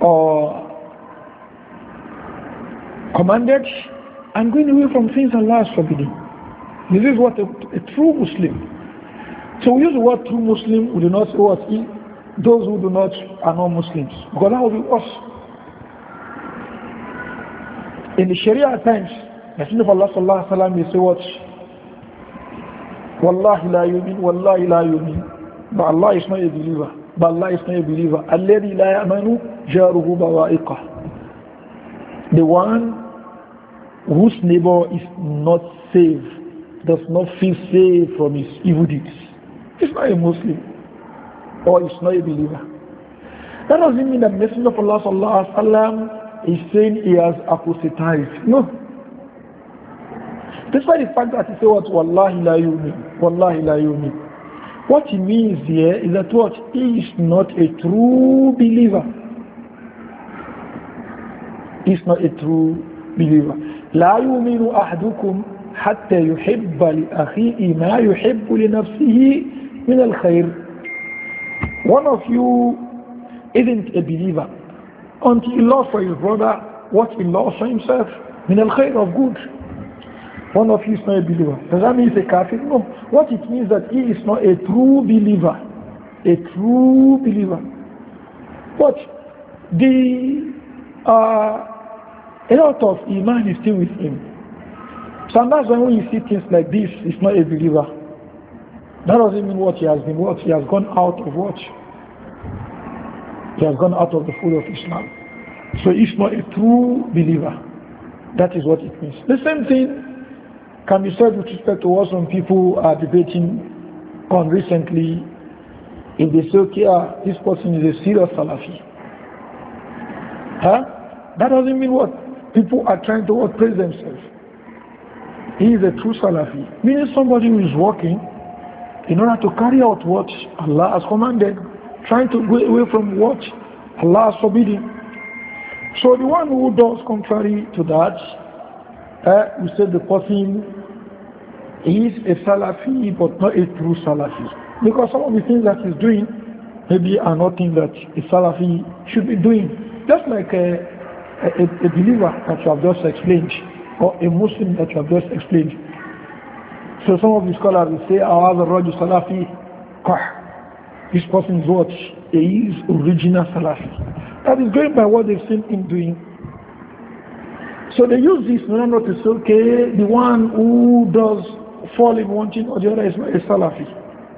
S1: or commanded and going away from things Allah has forbidden. This is what a, a true Muslim. So we use the word true Muslim, we do not say what oh, he, those who do not are not Muslims. Because that will be us. In the Sharia times, Messenger of Allah sallallahu alayhi wa sallam will say what? Wallahi la yumin, wallahi la yumin. But Allah is not a believer. But Allah is not a believer. Alladhi la ya'manu jaruhu bawa'iqah. The one whose neighbor is not saved does not feel safe from his evil deeds. He's not a Muslim or he's not a believer. That doesn't mean that Messenger of Allah sallallahu sallam, is saying he has apostatized. No. Despite the fact that he said what Wallahi la yumin, Wallahi la yumin. What he means here is that what he is not a true believer. He's not a true believer. La يؤمن أحدكم حتى يحب لأخيه ما يحب لنفسه من الخير One of you isn't a believer until he loves for his brother what he loves for himself من الخير of good One of you is not a believer. Does that mean he's a kafir? No. What it means that he is not a true believer. A true believer. But the uh, a lot of iman is still with him. Sometimes when you see things like this, it's not a believer. That doesn't mean what he has been what he has gone out of what he has gone out of the fold of Islam. So it's not a true believer. That is what it means. The same thing can be said with respect to what some people are debating on recently. If they say, okay, uh, this person is a serious Salafi. Huh? That doesn't mean what? People are trying to what? Praise themselves he is a true Salafi. Meaning somebody who is working in order to carry out what Allah has commanded, trying to go away from what Allah has forbidden. So the one who does contrary to that, uh, we said the person is a Salafi but not a true Salafi. Because some of the things that he's doing maybe are not things that a Salafi should be doing. Just like eh, a, a, a believer that you have just explained or a Muslim that you have just explained. So some of the scholars will say, Awaz al-Raju Salafi car." This person is what? He is original Salafi. That is going by what they've seen him doing. So they use this in order to say, okay, the one who does fall in one thing or the other is a Salafi.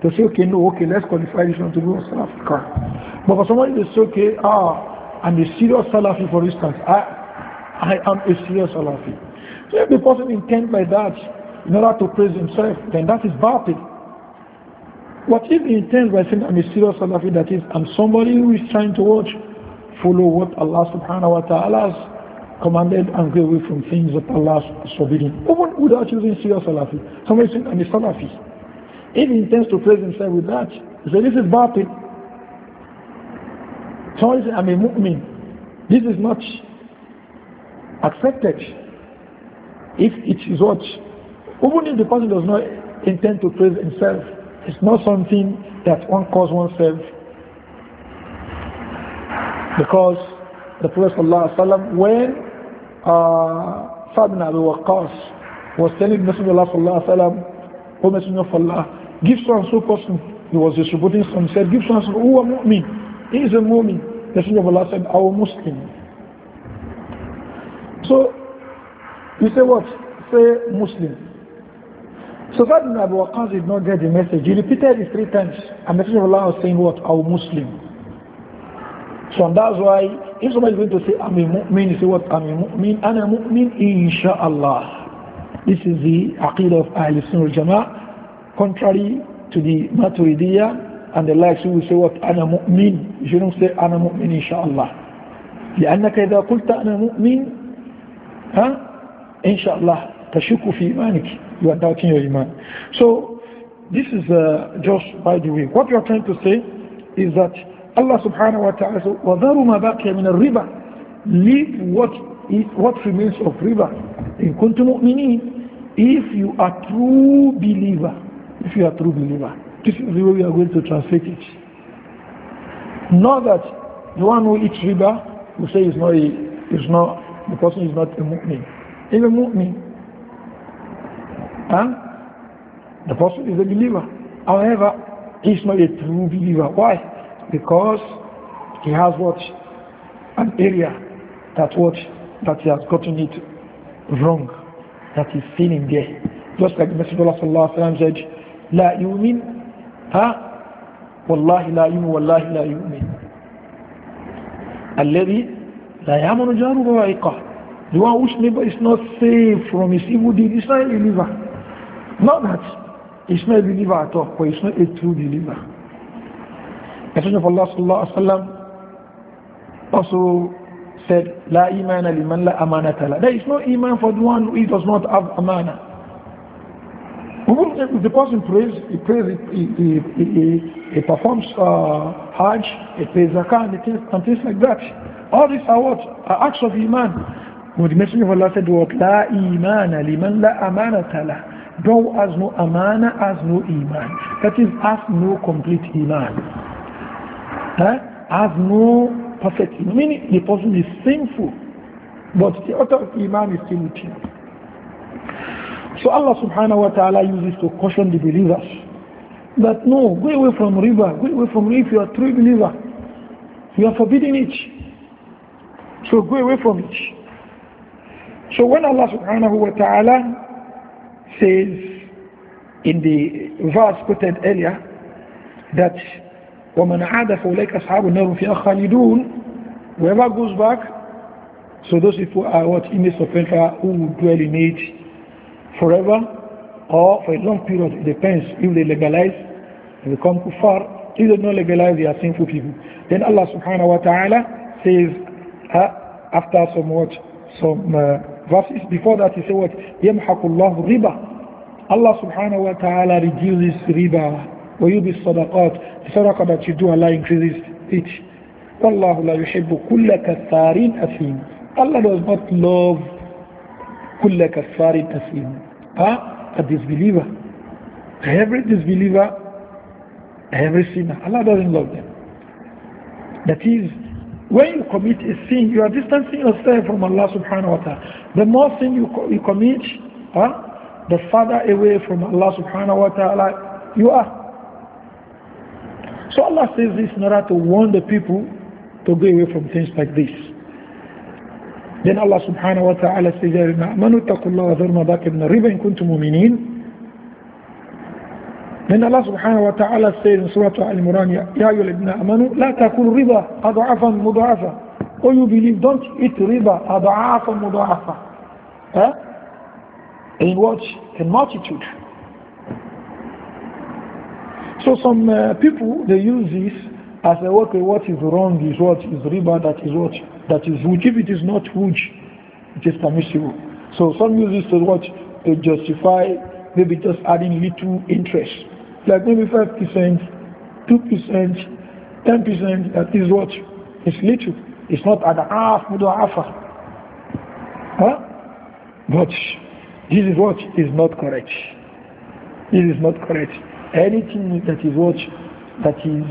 S1: They say, okay, no, okay, let's qualify this one to be a Salafi Qah. But for somebody they say, okay, ah, I'm a serious Salafi for instance. I, I am a serious Salafi. If the person intends by that in order to praise himself, then that is batil. What if he intends by saying I'm a serious Salafi, that is, I'm somebody who is trying to watch, follow what Allah subhanahu wa ta'ala has commanded and go away from things that Allah has forbidden, even without using serious Salafi. Somebody saying I'm a Salafi. If he intends to praise himself with that, he says, this is batil. Somebody says, I'm a mu'min. This is not accepted if it is what, even if the person does not intend to praise himself, it's not something that one calls oneself. Because the Prophet ﷺ, when uh, Sa'd Abu Waqqas was telling Messenger of Allah, O Messenger of Allah, give so and so person, he was distributing some, said, give so and so, who are mu'min? He is a mu'min. Messenger of Allah said, our Muslim. So you say what? Say Muslim. So that Ibn Abu Waqqas did not get the message. He repeated it three times. And Messenger of Allah was saying what? Our Muslim. So that's why if somebody is going to say I'm a mu'min, you say what? I'm a mu'min. I'm a mu'min insha'Allah. This is the aqidah of Ahl Sunnah al-Jama'ah. Contrary to the Maturidiyah and the likes who will say what? I'm a mu'min. You do not say I'm a mu'min insha'Allah. لأنك إذا قلت أنا مؤمن ها inshallah tashuku fi imanik you are doubting your iman so this is uh, just by the way what you are trying to say is that Allah subhanahu wa ta'ala says وَذَرُ مَا بَقِيَ مِنَ الرِّبَى leave what what remains of riba in kuntum mu'minin if you are true believer if you are true believer this is the way we are going to translate it not that the one who eats riba who say is not a, is not the person is not a mu'min even mu'min. And the person is a believer. However, he's not a true believer. Why? Because he has what? An area that what? That he has gotten it wrong. That he's sinning there. Just like the Messenger of Allah said, La yumin, ha? Wallahi la yumin, wallahi la yumin. الذي لا يعمل جاره وعقاه the one whose neighbor is not saved from his evil deed is not a believer. Not that he's not a believer at all, but he's not a true believer. Messenger of Allah sallallahu alaihi wasallam also said, "La imana liman la amanatala." There is no iman for the one who does not have amana. If the person prays, he prays, he, he, he, he performs uh, Hajj, he pays zakah, and things, and things like that. All these are what are acts of iman. When the Messenger of Allah said what? La imana liman la amana tala. not has no amana, has no iman. That is, has no complete iman. Huh? Has no perfect iman. Meaning the person is sinful. But the author of iman is still with him. So Allah subhanahu wa ta'ala uses to caution the believers that no, go away from river, go away from river. if you are a true believer. You are forbidding it. So go away from it. So when Allah subhanahu wa ta'ala says in the verse quoted earlier that وَمَنْ عَادَ فَوْلَيْكَ أَصْحَابُ النَّارُ فِيهَا Whoever goes back, so those people are what inmates of hellfire who dwell in it forever or for a long period. It depends. If they legalize, they become kuffar. If they don't legalize, they are sinful people. Then Allah subhanahu wa ta'ala says, uh, after some what, some uh, verses before that he said what? يَمْحَقُ اللَّهُ riba. Allah subhanahu wa ta'ala reduces riba. وَيُبِي الصَّدَقَاتِ The sadaqah that you do, Allah increases it. وَاللَّهُ لَا يُحِبُّ كُلَّ كَثَّارٍ أَثِيمٍ Allah does not love كُلَّ كَثَّارٍ أَثِيمٍ huh? A disbeliever. Every disbeliever, every sinner, Allah doesn't love them. That is, when you commit a sin, you are distancing yourself from Allah subhanahu wa ta'ala. The more sin you, co you commit, huh, the farther away from Allah subhanahu wa ta'ala you are. So Allah says this in order to warn the people to go away from things like this. Then Allah subhanahu wa ta'ala says, مَأْمَنُوا اتَّقُوا اللَّهَ وَذَرْمَا بَاكِ مِنَ الرِّبَا إِن then Allah subhanahu wa ta'ala says in Surah Al-Imran, Ya ayyuhalladhina amanu, la takul riba adha'afan mudha'afa. Oh, you believe, don't eat riba adha'afan mudha'afa. Huh? Eh? In what? In multitude. So some uh, people, they use this as a, okay, what is wrong is what is riba, that is what, that is which. If it is not which, it is permissible. So some use this to what? To justify maybe just adding little interest like maybe 5%, 2%, 10%, that is what? It's little. It's not at half, half. Huh? But this is what is not correct. This is not correct. Anything that is what that is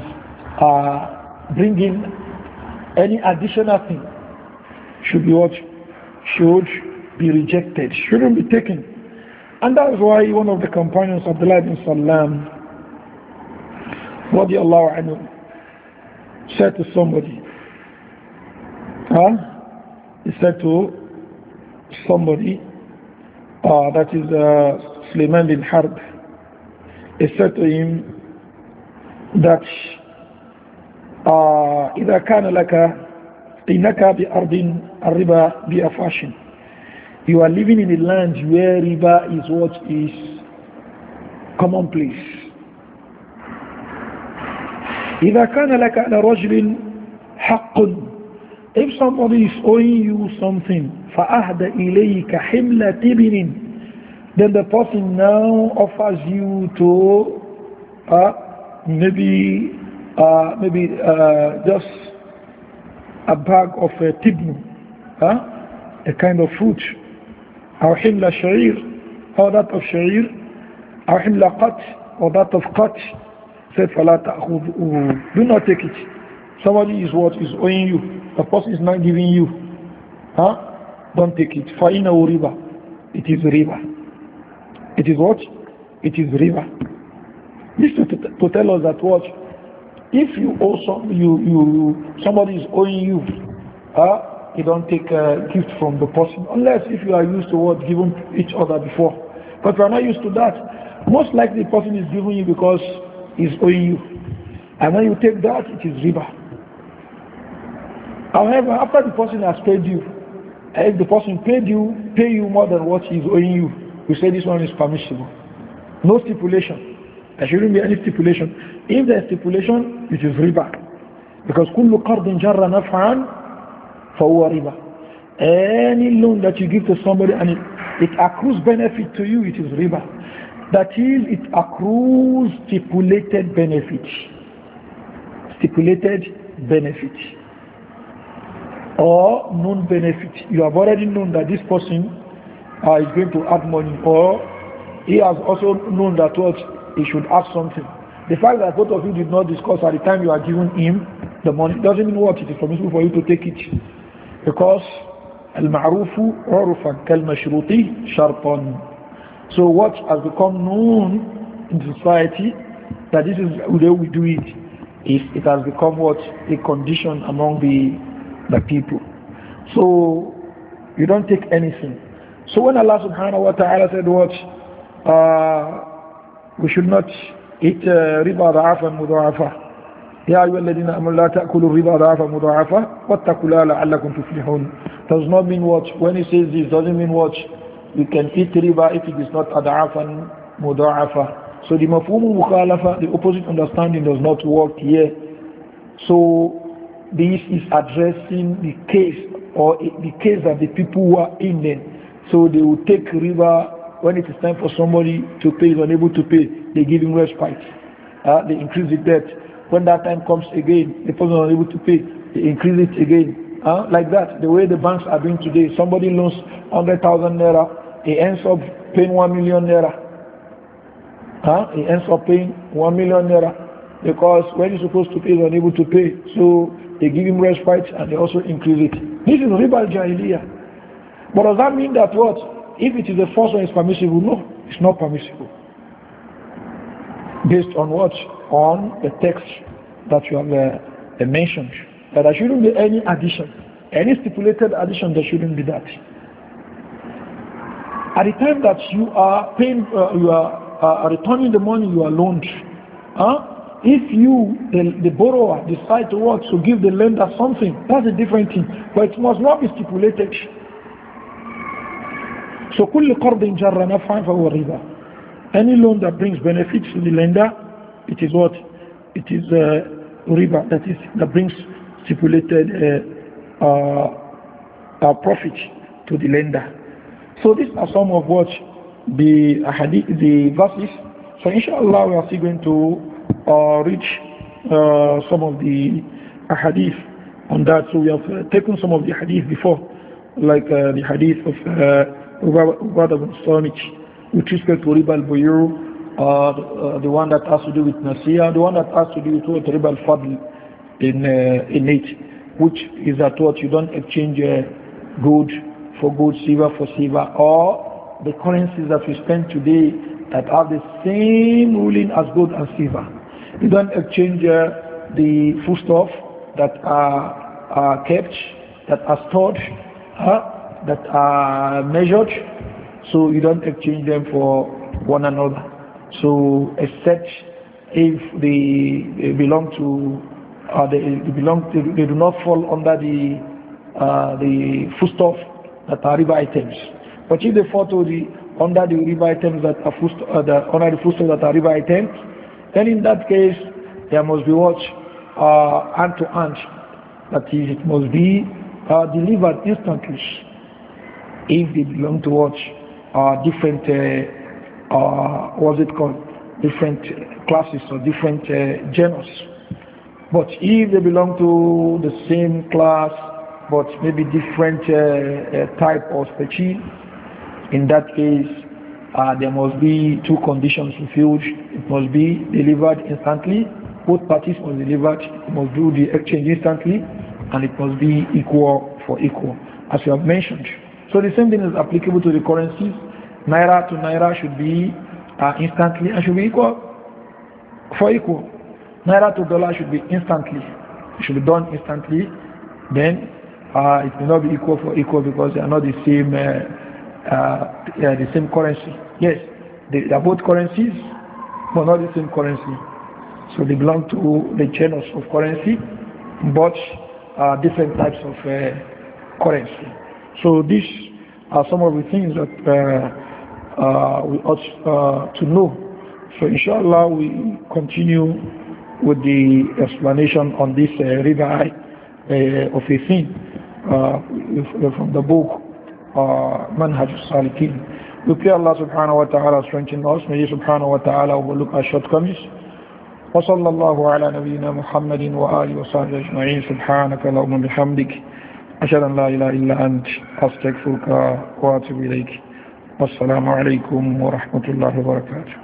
S1: uh, bringing any additional thing should be what should be rejected, shouldn't be taken. And that is why one of the companions of the Light in Salam radiallahu anhu said to somebody, huh? he said to somebody, uh, that is uh, Suleiman bin Harb, he said to him that uh, إذا كان لك إنك بأرض الربا بأفاشن You are living in a land where riba is what is commonplace. إذا كان لك على رجل حق if somebody is owing you something فأهدى إليك حمل تبن then the person now offers you to uh, maybe uh, maybe uh, just a bag of a tibn uh, a kind of fruit or حمل شعير or that of شعير or حمل قط or that of قط said falata do not take it somebody is what is owing you the person is not giving you huh don't take it faina river. it is river. it is what it is river. this to, to tell us that what if you owe some you you somebody is owing you huh you don't take a gift from the person unless if you are used to what given each other before but we are not used to that most likely the person is giving you because is owing you. And when you take that, it is riba. However, after the person has paid you, if the person paid you, pay you more than what he is owing you, you say this one is permissible. No stipulation. There shouldn't be any stipulation. If there is stipulation, it is riba. Because كل قرض جر نفعا فهو riba. Any loan that you give to somebody and it, it accrues benefit to you, it is riba. That is, it accrues stipulated benefit. Stipulated benefit. Or known benefit. You have already known that this person uh, is going to add money or he has also known that what he should add something. The fact that both of you did not discuss at the time you are giving him the money doesn't mean what it is permissible for you to take it. Because المعروف عرفا كالمشروط شرطا so what has become known in society that this is the way we do it, it, it has become what a condition among the, the people. So you don't take anything. So when Allah subhanahu wa ta'ala said what, uh, we should not eat uh, riba da'afa mudha'afa. يا أيها الذين آمنوا لا تأكلوا الربا ضعفا مضاعفا واتقوا الله does not mean what when he says this doesn't mean what you can eat riba if it is not ad'afan muda'afa. So the mukhalafa, the opposite understanding does not work here. So this is addressing the case or the case that the people were in then. So they will take riba when it is time for somebody to pay, is unable to pay, they give him respite. Uh, they increase the debt. When that time comes again, the person is unable to pay, they increase it again. Uh, like that, the way the banks are doing today, somebody loans 100,000 naira he ends up paying 1 million naira. Huh? He ends up paying 1 million naira because when he's supposed to pay, he's unable to pay. So they give him respite and they also increase it. This is riba jahiliya. But does that mean that what? If it is the first one, it's permissible? No, it's not permissible. Based on what? On the text that you have uh, mentioned. That there shouldn't be any addition. Any stipulated addition, there shouldn't be that. At the time that you are paying, uh, you are uh, returning the money you are loaned, huh? if you, the, the borrower, decide to work to give the lender something, that's a different thing. But it must not be stipulated. So كل قرض جر نفعا فهو ربا. Any loan that brings benefits to the lender, it is what? It is uh, riba that is that brings stipulated uh, uh, uh profit to the lender. So these are some of what the hadith, the verses. So inshallah we are still going to uh, reach uh, some of the hadith on that. So we have uh, taken some of the hadith before, like uh, the hadith of uh, Ubadah bin Samit which is called Riba al the one that has to do with nasiya, the one that has to do with Riba al-Fadl in, uh, in it, which is that what you don't exchange good for gold, silver, for silver, or the currencies that we spend today that have the same ruling as gold and silver. You don't exchange uh, the foodstuff that are, are, kept, that are stored, huh, that are measured, so you don't exchange them for one another. So except if they, they belong to, uh, they, they belong to, they do not fall under the uh, the foodstuff that are riba items. But if they fall to the under the riba items that are first, uh, the, under the of that are riba items, then in that case there must be watch uh, hand to hand. That is, it must be uh, delivered instantly if they belong to watch uh, different uh, uh, what's it called different classes or different uh, genres. But if they belong to the same class but maybe different uh, uh, type of species. In that case, uh, there must be two conditions fulfilled. It must be delivered instantly. Both parties must deliver. It must do the exchange instantly, and it must be equal for equal, as you have mentioned. So the same thing is applicable to the currencies. Naira to naira should be uh, instantly and should be equal for equal. Naira to dollar should be instantly. It should be done instantly. Then uh, it may not be equal for equal because they are not the same uh, uh, the same currency. Yes, they, they, are both currencies, but not the same currency. So they belong to the channels of currency, but different types of uh, currency. So these are some of the things that uh, uh, we ought to know. So inshallah we continue with the explanation on this uh, river uh, of a thing from the book Manhaj uh, Salikin. We Allah subhanahu wa ta'ala strengthen May He subhanahu wa ta'ala overlook our shortcomings. وصلى الله على نبينا محمد وآل وصحبه أجمعين سبحانك اللهم بحمدك أشهد لا إله إلا أنت أستغفرك وأتوب إليك والسلام عليكم ورحمة الله وبركاته